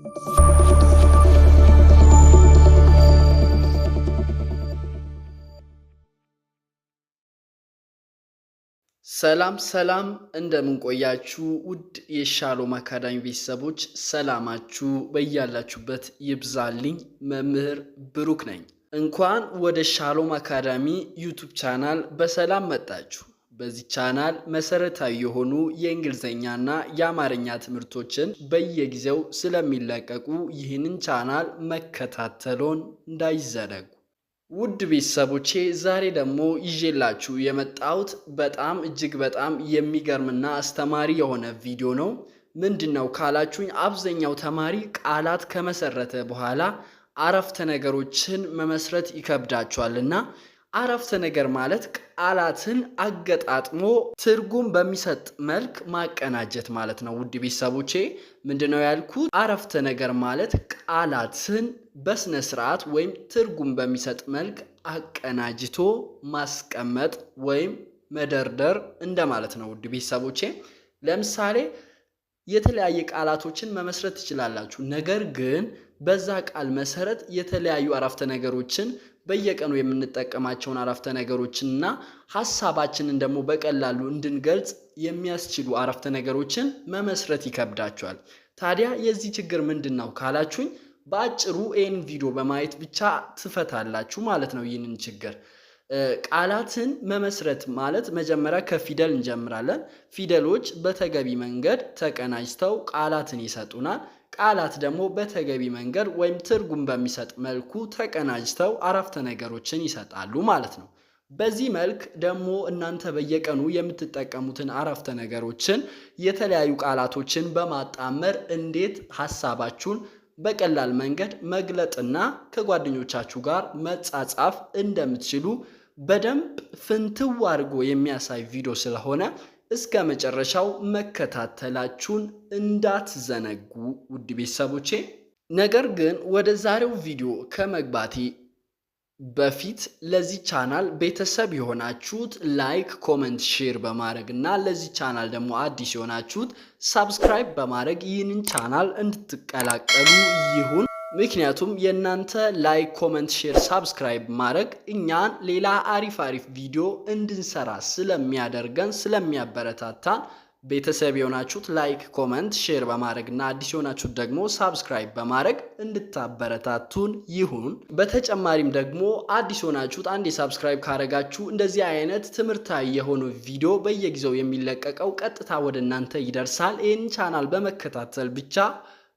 ሰላም ሰላም፣ እንደምንቆያችሁ ውድ የሻሎም አካዳሚ ቤተሰቦች ሰላማችሁ በያላችሁበት ይብዛልኝ። መምህር ብሩክ ነኝ። እንኳን ወደ ሻሎም አካዳሚ ዩቱብ ቻናል በሰላም መጣችሁ። በዚህ ቻናል መሰረታዊ የሆኑ የእንግሊዝኛና የአማርኛ ትምህርቶችን በየጊዜው ስለሚለቀቁ ይህንን ቻናል መከታተሎን እንዳይዘነጉ። ውድ ቤተሰቦቼ ዛሬ ደግሞ ይዤላችሁ የመጣሁት በጣም እጅግ በጣም የሚገርምና አስተማሪ የሆነ ቪዲዮ ነው። ምንድን ነው ካላችሁኝ፣ አብዛኛው ተማሪ ቃላት ከመሰረተ በኋላ አረፍተ ነገሮችን መመስረት ይከብዳቸዋልና አረፍተ ነገር ማለት ቃላትን አገጣጥሞ ትርጉም በሚሰጥ መልክ ማቀናጀት ማለት ነው። ውድ ቤተሰቦቼ ምንድነው ያልኩት? አረፍተ ነገር ማለት ቃላትን በስነ ስርዓት ወይም ትርጉም በሚሰጥ መልክ አቀናጅቶ ማስቀመጥ ወይም መደርደር እንደማለት ነው። ውድ ቤተሰቦቼ ለምሳሌ የተለያየ ቃላቶችን መመስረት ትችላላችሁ። ነገር ግን በዛ ቃል መሰረት የተለያዩ አረፍተ ነገሮችን በየቀኑ የምንጠቀማቸውን አረፍተ እና ሀሳባችንን ደግሞ በቀላሉ እንድንገልጽ የሚያስችሉ አረፍተ ነገሮችን መመስረት ይከብዳቸዋል። ታዲያ የዚህ ችግር ምንድን ነው ካላችሁኝ፣ በአጭሩ ኤን ቪዲዮ በማየት ብቻ ትፈታላችሁ ማለት ነው ይህንን ችግር። ቃላትን መመስረት ማለት መጀመሪያ ከፊደል እንጀምራለን። ፊደሎች በተገቢ መንገድ ተቀናጅተው ቃላትን ይሰጡናል። ቃላት ደግሞ በተገቢ መንገድ ወይም ትርጉም በሚሰጥ መልኩ ተቀናጅተው አረፍተ ነገሮችን ይሰጣሉ ማለት ነው። በዚህ መልክ ደግሞ እናንተ በየቀኑ የምትጠቀሙትን አረፍተ ነገሮችን የተለያዩ ቃላቶችን በማጣመር እንዴት ሀሳባችሁን በቀላል መንገድ መግለጥና ከጓደኞቻችሁ ጋር መጻጻፍ እንደምትችሉ በደንብ ፍንትው አድርጎ የሚያሳይ ቪዲዮ ስለሆነ እስከ መጨረሻው መከታተላችሁን እንዳትዘነጉ ውድ ቤተሰቦቼ። ነገር ግን ወደ ዛሬው ቪዲዮ ከመግባቴ በፊት ለዚህ ቻናል ቤተሰብ የሆናችሁት ላይክ፣ ኮመንት፣ ሼር በማድረግ እና ለዚህ ቻናል ደግሞ አዲስ የሆናችሁት ሳብስክራይብ በማድረግ ይህንን ቻናል እንድትቀላቀሉ ይሁን። ምክንያቱም የእናንተ ላይክ፣ ኮመንት፣ ሼር፣ ሳብስክራይብ ማድረግ እኛን ሌላ አሪፍ አሪፍ ቪዲዮ እንድንሰራ ስለሚያደርገን ስለሚያበረታታን ቤተሰብ የሆናችሁት ላይክ ኮመንት ሼር በማድረግ እና አዲስ የሆናችሁት ደግሞ ሳብስክራይብ በማድረግ እንድታበረታቱን ይሁን። በተጨማሪም ደግሞ አዲስ የሆናችሁት አንድ የሳብስክራይብ ካረጋችሁ እንደዚህ አይነት ትምህርታዊ የሆነ ቪዲዮ በየጊዜው የሚለቀቀው ቀጥታ ወደ እናንተ ይደርሳል። ይህን ቻናል በመከታተል ብቻ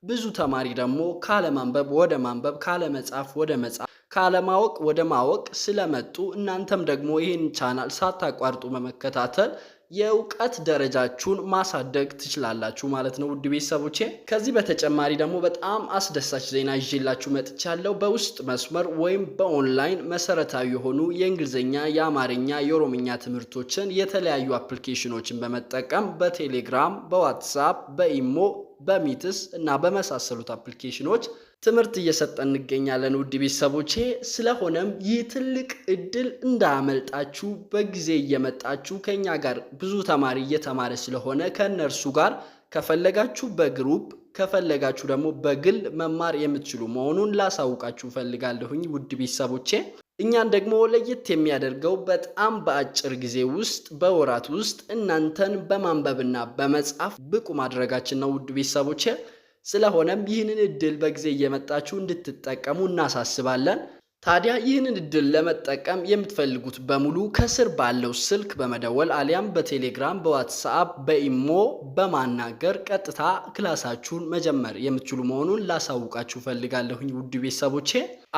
ብዙ ተማሪ ደግሞ ካለማንበብ ወደ ማንበብ፣ ካለመጻፍ ወደ መጻፍ፣ ካለማወቅ ወደ ማወቅ ስለመጡ እናንተም ደግሞ ይህን ቻናል ሳታቋርጡ በመከታተል የእውቀት ደረጃችሁን ማሳደግ ትችላላችሁ ማለት ነው። ውድ ቤተሰቦቼ ከዚህ በተጨማሪ ደግሞ በጣም አስደሳች ዜና ይዤላችሁ መጥቻለሁ። በውስጥ መስመር ወይም በኦንላይን መሰረታዊ የሆኑ የእንግሊዝኛ፣ የአማርኛ፣ የኦሮምኛ ትምህርቶችን የተለያዩ አፕሊኬሽኖችን በመጠቀም በቴሌግራም፣ በዋትሳፕ፣ በኢሞ በሚትስ እና በመሳሰሉት አፕሊኬሽኖች ትምህርት እየሰጠ እንገኛለን ውድ ቤተሰቦቼ። ስለሆነም ይህ ትልቅ እድል እንዳያመልጣችሁ በጊዜ እየመጣችሁ ከኛ ጋር ብዙ ተማሪ እየተማረ ስለሆነ ከእነርሱ ጋር ከፈለጋችሁ በግሩፕ ከፈለጋችሁ ደግሞ በግል መማር የምትችሉ መሆኑን ላሳውቃችሁ ፈልጋለሁኝ ውድ ቤተሰቦቼ። እኛን ደግሞ ለየት የሚያደርገው በጣም በአጭር ጊዜ ውስጥ በወራት ውስጥ እናንተን በማንበብና በመጻፍ ብቁ ማድረጋችን ነው ውድ ቤተሰቦቼ። ስለሆነም ይህንን እድል በጊዜ እየመጣችሁ እንድትጠቀሙ እናሳስባለን። ታዲያ ይህንን እድል ለመጠቀም የምትፈልጉት በሙሉ ከስር ባለው ስልክ በመደወል አሊያም በቴሌግራም፣ በዋትስአፕ፣ በኢሞ በማናገር ቀጥታ ክላሳችሁን መጀመር የምትችሉ መሆኑን ላሳውቃችሁ ፈልጋለሁኝ ውድ ቤተሰቦቼ።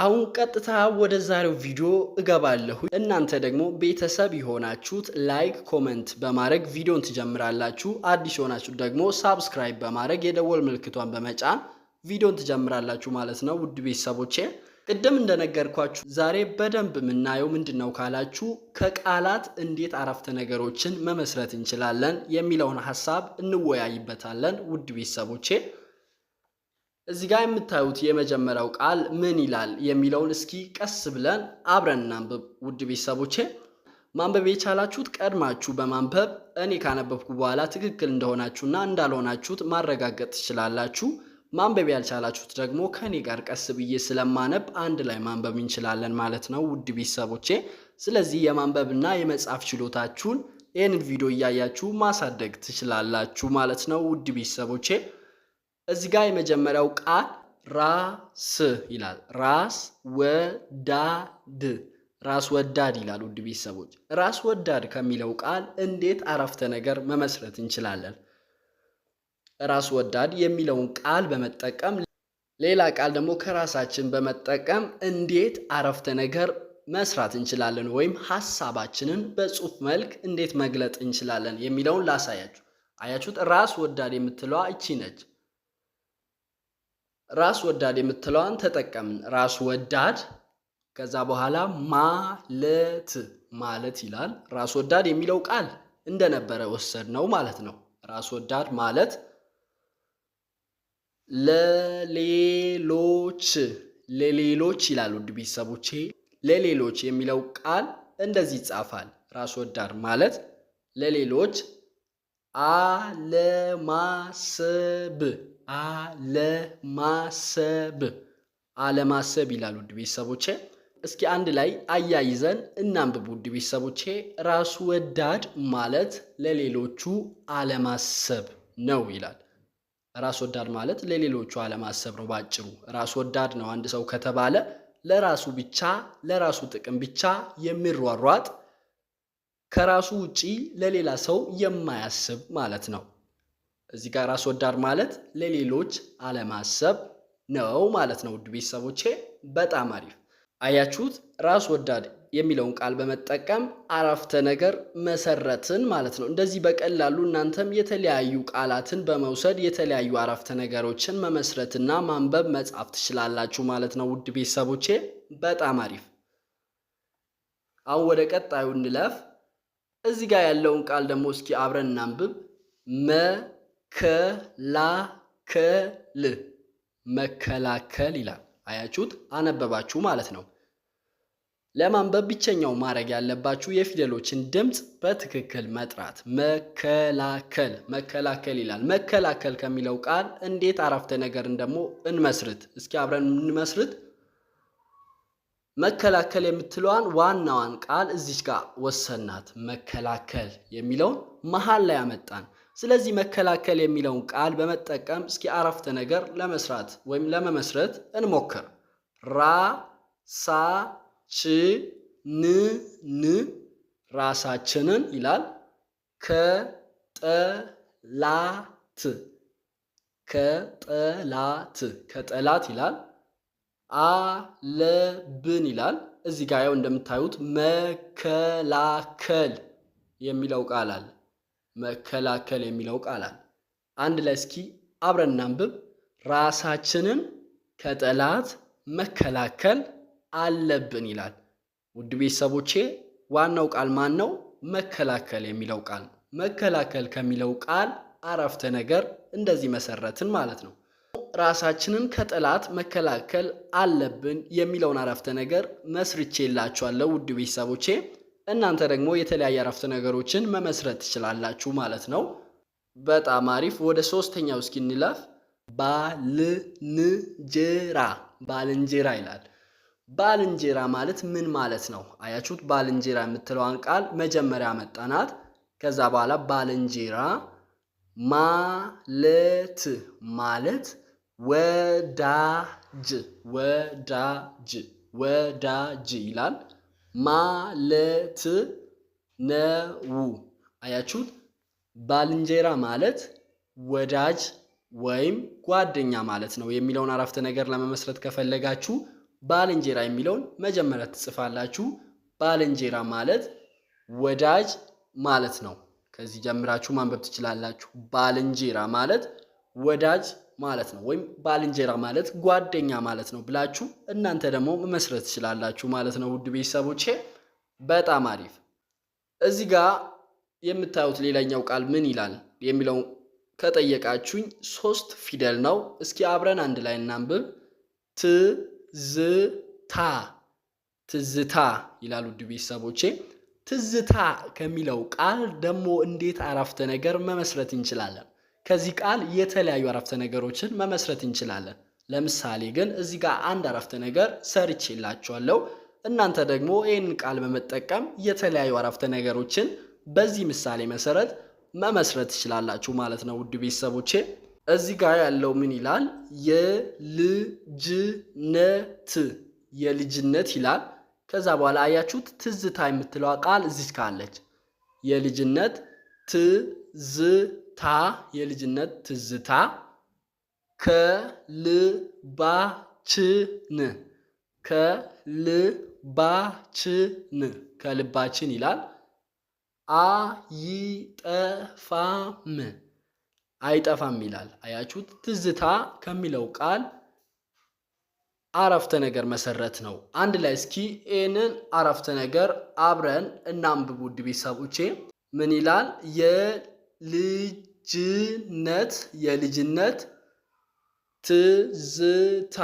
አሁን ቀጥታ ወደ ዛሬው ቪዲዮ እገባለሁ። እናንተ ደግሞ ቤተሰብ የሆናችሁት ላይክ፣ ኮመንት በማድረግ ቪዲዮን ትጀምራላችሁ። አዲስ የሆናችሁት ደግሞ ሳብስክራይብ በማድረግ የደወል ምልክቷን በመጫን ቪዲዮን ትጀምራላችሁ ማለት ነው ውድ ቤተሰቦቼ ቅድም እንደነገርኳችሁ ዛሬ በደንብ የምናየው ምንድን ነው ካላችሁ ከቃላት እንዴት አረፍተ ነገሮችን መመስረት እንችላለን የሚለውን ሀሳብ እንወያይበታለን። ውድ ቤተሰቦቼ እዚህ ጋር የምታዩት የመጀመሪያው ቃል ምን ይላል የሚለውን እስኪ ቀስ ብለን አብረን እናንብብ። ውድ ቤተሰቦቼ ማንበብ የቻላችሁት ቀድማችሁ በማንበብ እኔ ካነበብኩ በኋላ ትክክል እንደሆናችሁና እንዳልሆናችሁት ማረጋገጥ ትችላላችሁ። ማንበብ ያልቻላችሁት ደግሞ ከኔ ጋር ቀስ ብዬ ስለማነብ አንድ ላይ ማንበብ እንችላለን ማለት ነው ውድ ቤተሰቦቼ። ስለዚህ የማንበብና የመጻፍ ችሎታችሁን ይህንን ቪዲዮ እያያችሁ ማሳደግ ትችላላችሁ ማለት ነው ውድ ቤተሰቦቼ። እዚህ ጋር የመጀመሪያው ቃል ራስ ይላል። ራስ ወዳድ ራስ ወዳድ ይላል። ውድ ቤተሰቦች ራስ ወዳድ ከሚለው ቃል እንዴት አረፍተ ነገር መመስረት እንችላለን? ራስ ወዳድ የሚለውን ቃል በመጠቀም ሌላ ቃል ደግሞ ከራሳችን በመጠቀም እንዴት አረፍተ ነገር መስራት እንችላለን ወይም ሀሳባችንን በጽሁፍ መልክ እንዴት መግለጥ እንችላለን የሚለውን ላሳያችሁ። አያችሁት? ራስ ወዳድ የምትለዋ እቺ ነች። ራስ ወዳድ የምትለዋን ተጠቀምን። ራስ ወዳድ ከዛ በኋላ ማለት ማለት ይላል። ራስ ወዳድ የሚለው ቃል እንደነበረ ወሰድ ነው ማለት ነው። ራስ ወዳድ ማለት ለሌሎች ለሌሎች ይላል። ውድ ቤተሰቦቼ ለሌሎች የሚለው ቃል እንደዚህ ይጻፋል። ራስ ወዳድ ማለት ለሌሎች አለማሰብ አለማሰብ አለማሰብ ይላል። ውድ ቤተሰቦቼ እስኪ አንድ ላይ አያይዘን እናንብብ። ውድ ቤተሰቦቼ ራስ ወዳድ ማለት ለሌሎቹ አለማሰብ ነው ይላል። ራስ ወዳድ ማለት ለሌሎቹ አለማሰብ ነው ባጭሩ። ራስ ወዳድ ነው አንድ ሰው ከተባለ ለራሱ ብቻ ለራሱ ጥቅም ብቻ የሚሯሯጥ ከራሱ ውጪ ለሌላ ሰው የማያስብ ማለት ነው። እዚህ ጋር ራስ ወዳድ ማለት ለሌሎች አለማሰብ ነው ማለት ነው። ውድ ቤተሰቦቼ በጣም አሪፍ አያችሁት። ራስ ወዳድ የሚለውን ቃል በመጠቀም አረፍተ ነገር መሰረትን ማለት ነው። እንደዚህ በቀላሉ እናንተም የተለያዩ ቃላትን በመውሰድ የተለያዩ አረፍተ ነገሮችን መመስረትና ማንበብ መጻፍ ትችላላችሁ ማለት ነው። ውድ ቤተሰቦቼ በጣም አሪፍ። አሁን ወደ ቀጣዩ እንለፍ። እዚህ ጋር ያለውን ቃል ደግሞ እስኪ አብረን እናንብብ። መከላከል መከላከል ይላል። አያችሁት? አነበባችሁ ማለት ነው። ለማንበብ ብቸኛው ማድረግ ያለባችሁ የፊደሎችን ድምፅ በትክክል መጥራት። መከላከል መከላከል ይላል። መከላከል ከሚለው ቃል እንዴት አረፍተ ነገርን ደግሞ እንመስርት? እስኪ አብረን እንመስርት። መከላከል የምትለዋን ዋናዋን ቃል እዚች ጋር ወሰናት። መከላከል የሚለውን መሀል ላይ ያመጣን። ስለዚህ መከላከል የሚለውን ቃል በመጠቀም እስኪ አረፍተ ነገር ለመስራት ወይም ለመመስረት እንሞክር። ራሳ ን ራሳችንን ይላል ከጠላት ከጠላት ከጠላት ይላል አለብን ይላል። እዚህ ጋር ያው እንደምታዩት መከላከል የሚለው ቃል አለ። መከላከል የሚለው ቃል አለ። አንድ ላይ እስኪ አብረን እናንብብ። ራሳችንን ከጠላት መከላከል አለብን ይላል። ውድ ቤተሰቦቼ ዋናው ቃል ማን ነው? መከላከል የሚለው ቃል መከላከል ከሚለው ቃል አረፍተ ነገር እንደዚህ መሰረትን ማለት ነው። ራሳችንን ከጠላት መከላከል አለብን የሚለውን አረፍተ ነገር መስርቼ የላችኋለሁ ውድ ቤተሰቦቼ። እናንተ ደግሞ የተለያየ አረፍተ ነገሮችን መመስረት ትችላላችሁ ማለት ነው። በጣም አሪፍ። ወደ ሶስተኛው እስኪ እንለፍ። ባልንጀራ ባልንጀራ ይላል። ባልንጀራ ማለት ምን ማለት ነው? አያችሁት? ባልንጀራ የምትለዋን ቃል መጀመሪያ መጣናት። ከዛ በኋላ ባልንጀራ ማለት ማለት ወዳጅ ወዳጅ ወዳጅ ይላል ማለት ነው። አያችሁት? ባልንጀራ ማለት ወዳጅ ወይም ጓደኛ ማለት ነው የሚለውን አረፍተ ነገር ለመመስረት ከፈለጋችሁ ባልንጀራ የሚለውን መጀመሪያ ትጽፋላችሁ። ባልንጀራ ማለት ወዳጅ ማለት ነው። ከዚህ ጀምራችሁ ማንበብ ትችላላችሁ። ባልንጀራ ማለት ወዳጅ ማለት ነው፣ ወይም ባልንጀራ ማለት ጓደኛ ማለት ነው ብላችሁ እናንተ ደግሞ መመስረት ትችላላችሁ ማለት ነው። ውድ ቤተሰቦቼ በጣም አሪፍ። እዚህ ጋር የምታዩት ሌላኛው ቃል ምን ይላል የሚለው ከጠየቃችሁኝ ሶስት ፊደል ነው። እስኪ አብረን አንድ ላይ እናንብብ ት ዝታ ትዝታ ይላሉ ውድ ቤተሰቦቼ። ትዝታ ከሚለው ቃል ደግሞ እንዴት አረፍተ ነገር መመስረት እንችላለን? ከዚህ ቃል የተለያዩ አረፍተ ነገሮችን መመስረት እንችላለን። ለምሳሌ ግን እዚህ ጋር አንድ አረፍተ ነገር ሰርች የላችኋለሁ። እናንተ ደግሞ ይህን ቃል በመጠቀም የተለያዩ አረፍተ ነገሮችን በዚህ ምሳሌ መሰረት መመስረት ትችላላችሁ ማለት ነው ውድ ቤተሰቦቼ። እዚህ ጋር ያለው ምን ይላል? የልጅነት የልጅነት ይላል። ከዛ በኋላ አያችሁት ትዝታ የምትለዋ ቃል እዚህ ካለች የልጅነት ትዝታ የልጅነት ትዝታ ከልባችን ከልባችን ከልባችን ይላል አይጠፋም አይጠፋም ይላል። አያችሁት? ትዝታ ከሚለው ቃል አረፍተ ነገር መሰረት ነው። አንድ ላይ እስኪ ይህንን አረፍተ ነገር አብረን እናንብብ። ውድ ቤተሰቦቼ ምን ይላል? የልጅነት የልጅነት ትዝታ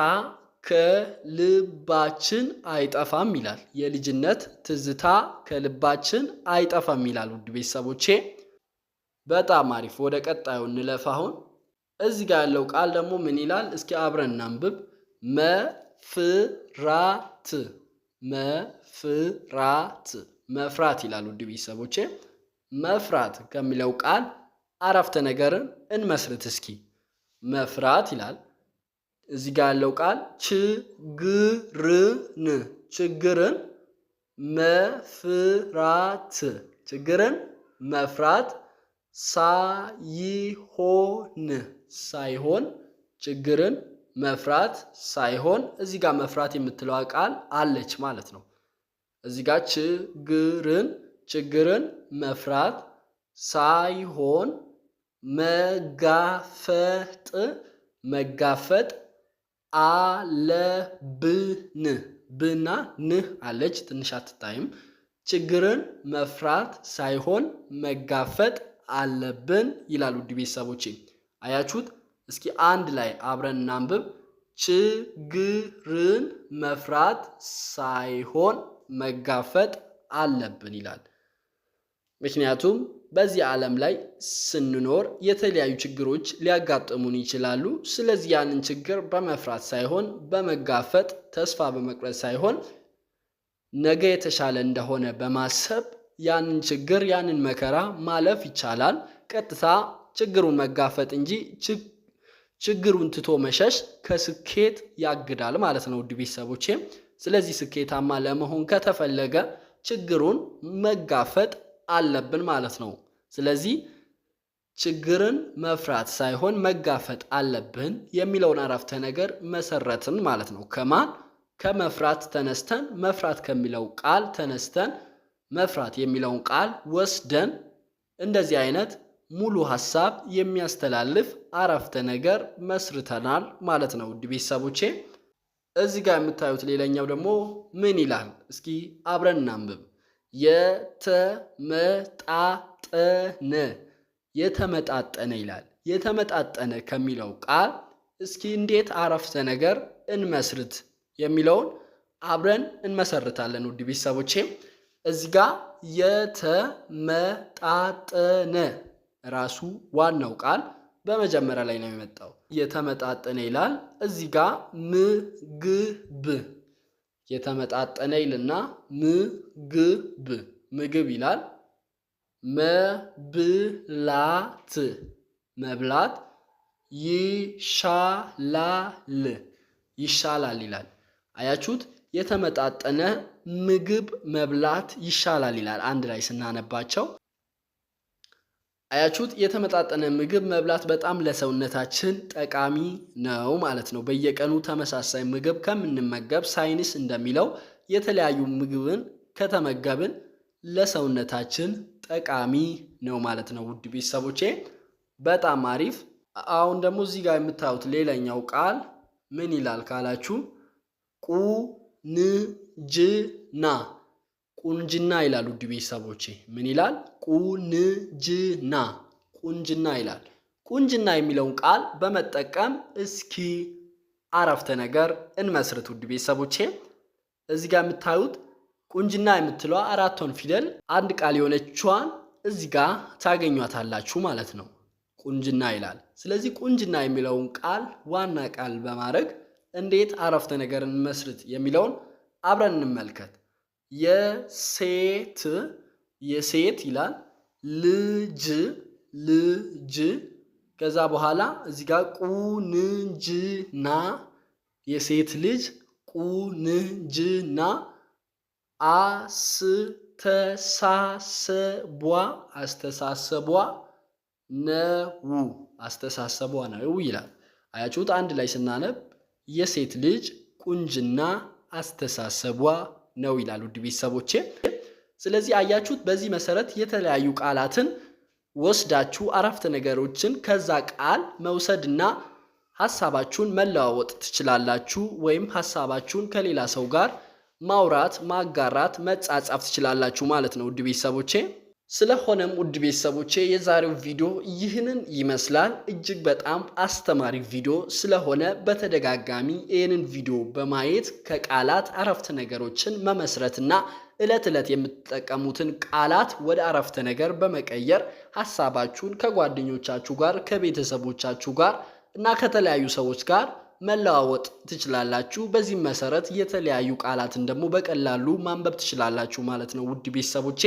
ከልባችን አይጠፋም ይላል። የልጅነት ትዝታ ከልባችን አይጠፋም ይላል። ውድ ቤተሰቦቼ በጣም አሪፍ። ወደ ቀጣዩ እንለፍ። አሁን እዚህ ጋር ያለው ቃል ደግሞ ምን ይላል? እስኪ አብረን እናንብብ። መፍራት መፍራት መፍራት ይላል። ውድ ቤተሰቦቼ መፍራት ከሚለው ቃል አረፍተ ነገርን እንመስርት እስኪ። መፍራት ይላል እዚህ ጋር ያለው ቃል ችግርን ችግርን መፍራት ችግርን መፍራት ሳይሆን ሳይሆን ችግርን መፍራት ሳይሆን እዚህ ጋር መፍራት የምትለዋ ቃል አለች ማለት ነው። እዚህ ጋር ችግርን ችግርን መፍራት ሳይሆን መጋፈጥ መጋፈጥ አለብን ብና ንህ አለች ትንሽ አትታይም። ችግርን መፍራት ሳይሆን መጋፈጥ አለብን ይላል። ውድ ቤተሰቦቼ አያችሁት? እስኪ አንድ ላይ አብረን እናንብብ። ችግርን መፍራት ሳይሆን መጋፈጥ አለብን ይላል። ምክንያቱም በዚህ ዓለም ላይ ስንኖር የተለያዩ ችግሮች ሊያጋጥሙን ይችላሉ። ስለዚህ ያንን ችግር በመፍራት ሳይሆን በመጋፈጥ ተስፋ በመቁረጥ ሳይሆን ነገ የተሻለ እንደሆነ በማሰብ ያንን ችግር ያንን መከራ ማለፍ ይቻላል። ቀጥታ ችግሩን መጋፈጥ እንጂ ችግሩን ትቶ መሸሽ ከስኬት ያግዳል ማለት ነው ውድ ቤተሰቦቼ። ስለዚህ ስኬታማ ለመሆን ከተፈለገ ችግሩን መጋፈጥ አለብን ማለት ነው። ስለዚህ ችግርን መፍራት ሳይሆን መጋፈጥ አለብን የሚለውን አረፍተ ነገር መሰረትን ማለት ነው። ከማን ከመፍራት ተነስተን መፍራት ከሚለው ቃል ተነስተን መፍራት የሚለውን ቃል ወስደን እንደዚህ አይነት ሙሉ ሀሳብ የሚያስተላልፍ አረፍተ ነገር መስርተናል ማለት ነው። ውድ ቤተሰቦቼ እዚህ ጋር የምታዩት ሌላኛው ደግሞ ምን ይላል? እስኪ አብረን እናንብብ። የተመጣጠነ የተመጣጠነ ይላል። የተመጣጠነ ከሚለው ቃል እስኪ እንዴት አረፍተ ነገር እንመስርት የሚለውን አብረን እንመሰርታለን። ውድ ቤተሰቦቼ እዚህ ጋ የተመጣጠነ ራሱ ዋናው ቃል በመጀመሪያ ላይ ነው የመጣው። የተመጣጠነ ይላል። እዚህ ጋ ምግብ የተመጣጠነ ይልና ምግብ ምግብ ይላል። መብላት መብላት ይሻላል ይሻላል ይላል። አያችሁት? የተመጣጠነ ምግብ መብላት ይሻላል ይላል። አንድ ላይ ስናነባቸው አያችሁት? የተመጣጠነ ምግብ መብላት በጣም ለሰውነታችን ጠቃሚ ነው ማለት ነው። በየቀኑ ተመሳሳይ ምግብ ከምንመገብ ሳይንስ እንደሚለው የተለያዩ ምግብን ከተመገብን ለሰውነታችን ጠቃሚ ነው ማለት ነው። ውድ ቤተሰቦቼ በጣም አሪፍ። አሁን ደግሞ እዚህ ጋር የምታዩት ሌላኛው ቃል ምን ይላል ካላችሁ ቁ ን ቁንጅና ቁንጅና ይላል። ውድ ቤተሰቦቼ ምን ይላል? ቁንጅና ቁንጅና ይላል። ቁንጅና የሚለውን ቃል በመጠቀም እስኪ አረፍተ ነገር እንመስርት። ውድ ቤተሰቦቼ እዚህ ጋር የምታዩት ቁንጅና የምትለዋ አራቷን ፊደል አንድ ቃል የሆነችዋን እዚህ ጋር ታገኟታላችሁ ማለት ነው። ቁንጅና ይላል። ስለዚህ ቁንጅና የሚለውን ቃል ዋና ቃል በማድረግ እንዴት አረፍተ ነገር እንመስርት የሚለውን አብረን እንመልከት። የሴት የሴት ይላል ልጅ ልጅ ከዛ በኋላ እዚህ ጋር ቁንጅና የሴት ልጅ ቁንጅና አስተሳሰቧ አስተሳሰቧ ነው አስተሳሰቧ ነው ይላል። አያችሁት? አንድ ላይ ስናነብ የሴት ልጅ ቁንጅና አስተሳሰቧ ነው ይላል። ውድ ቤተሰቦቼ ስለዚህ አያችሁት። በዚህ መሰረት የተለያዩ ቃላትን ወስዳችሁ አረፍተ ነገሮችን ከዛ ቃል መውሰድና ሀሳባችሁን መለዋወጥ ትችላላችሁ። ወይም ሀሳባችሁን ከሌላ ሰው ጋር ማውራት፣ ማጋራት፣ መጻጻፍ ትችላላችሁ ማለት ነው ውድ ቤተሰቦቼ። ስለሆነም ውድ ቤተሰቦቼ የዛሬው ቪዲዮ ይህንን ይመስላል። እጅግ በጣም አስተማሪ ቪዲዮ ስለሆነ በተደጋጋሚ ይህንን ቪዲዮ በማየት ከቃላት አረፍተ ነገሮችን መመስረትና ዕለት ዕለት የምትጠቀሙትን ቃላት ወደ አረፍተ ነገር በመቀየር ሀሳባችሁን ከጓደኞቻችሁ ጋር ከቤተሰቦቻችሁ ጋር እና ከተለያዩ ሰዎች ጋር መለዋወጥ ትችላላችሁ። በዚህም መሰረት የተለያዩ ቃላትን ደግሞ በቀላሉ ማንበብ ትችላላችሁ ማለት ነው ውድ ቤተሰቦቼ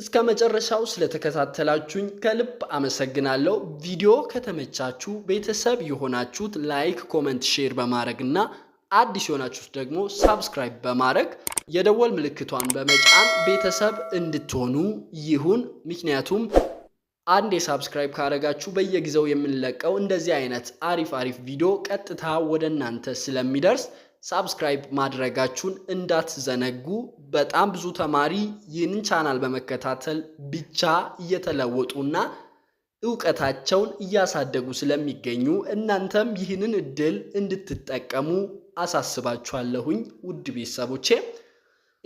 እስከ መጨረሻው ስለተከታተላችሁኝ ከልብ አመሰግናለሁ። ቪዲዮ ከተመቻችሁ ቤተሰብ የሆናችሁት ላይክ፣ ኮመንት፣ ሼር በማድረግ እና አዲስ የሆናችሁት ደግሞ ሳብስክራይብ በማድረግ የደወል ምልክቷን በመጫን ቤተሰብ እንድትሆኑ ይሁን። ምክንያቱም አንዴ ሳብስክራይብ ካደረጋችሁ በየጊዜው የምንለቀው እንደዚህ አይነት አሪፍ አሪፍ ቪዲዮ ቀጥታ ወደ እናንተ ስለሚደርስ ሳብስክራይብ ማድረጋችሁን እንዳትዘነጉ። በጣም ብዙ ተማሪ ይህንን ቻናል በመከታተል ብቻ እየተለወጡና እውቀታቸውን እያሳደጉ ስለሚገኙ እናንተም ይህንን እድል እንድትጠቀሙ አሳስባችኋለሁኝ ውድ ቤተሰቦቼ።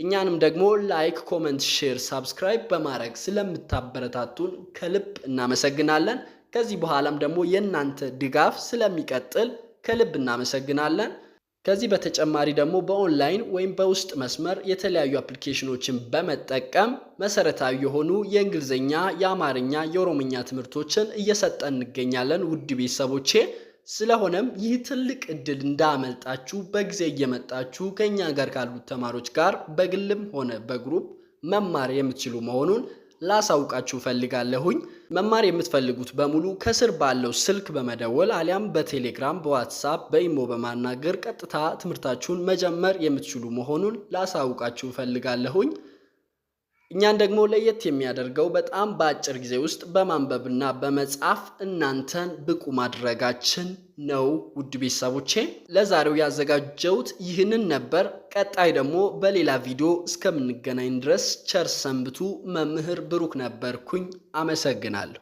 እኛንም ደግሞ ላይክ፣ ኮመንት፣ ሼር፣ ሳብስክራይብ በማድረግ ስለምታበረታቱን ከልብ እናመሰግናለን። ከዚህ በኋላም ደግሞ የእናንተ ድጋፍ ስለሚቀጥል ከልብ እናመሰግናለን። ከዚህ በተጨማሪ ደግሞ በኦንላይን ወይም በውስጥ መስመር የተለያዩ አፕሊኬሽኖችን በመጠቀም መሰረታዊ የሆኑ የእንግሊዝኛ፣ የአማርኛ፣ የኦሮምኛ ትምህርቶችን እየሰጠን እንገኛለን ውድ ቤተሰቦቼ። ስለሆነም ይህ ትልቅ እድል እንዳመልጣችሁ በጊዜ እየመጣችሁ ከእኛ ጋር ካሉት ተማሪዎች ጋር በግልም ሆነ በግሩፕ መማር የምትችሉ መሆኑን ላሳውቃችሁ ፈልጋለሁኝ። መማር የምትፈልጉት በሙሉ ከስር ባለው ስልክ በመደወል አሊያም በቴሌግራም፣ በዋትሳፕ፣ በኢሞ በማናገር ቀጥታ ትምህርታችሁን መጀመር የምትችሉ መሆኑን ላሳውቃችሁ ፈልጋለሁኝ። እኛን ደግሞ ለየት የሚያደርገው በጣም በአጭር ጊዜ ውስጥ በማንበብና በመጻፍ እናንተን ብቁ ማድረጋችን ነው። ውድ ቤተሰቦቼ ለዛሬው ያዘጋጀሁት ይህንን ነበር። ቀጣይ ደግሞ በሌላ ቪዲዮ እስከምንገናኝ ድረስ ቸር ሰንብቱ። መምህር ብሩክ ነበርኩኝ። አመሰግናለሁ።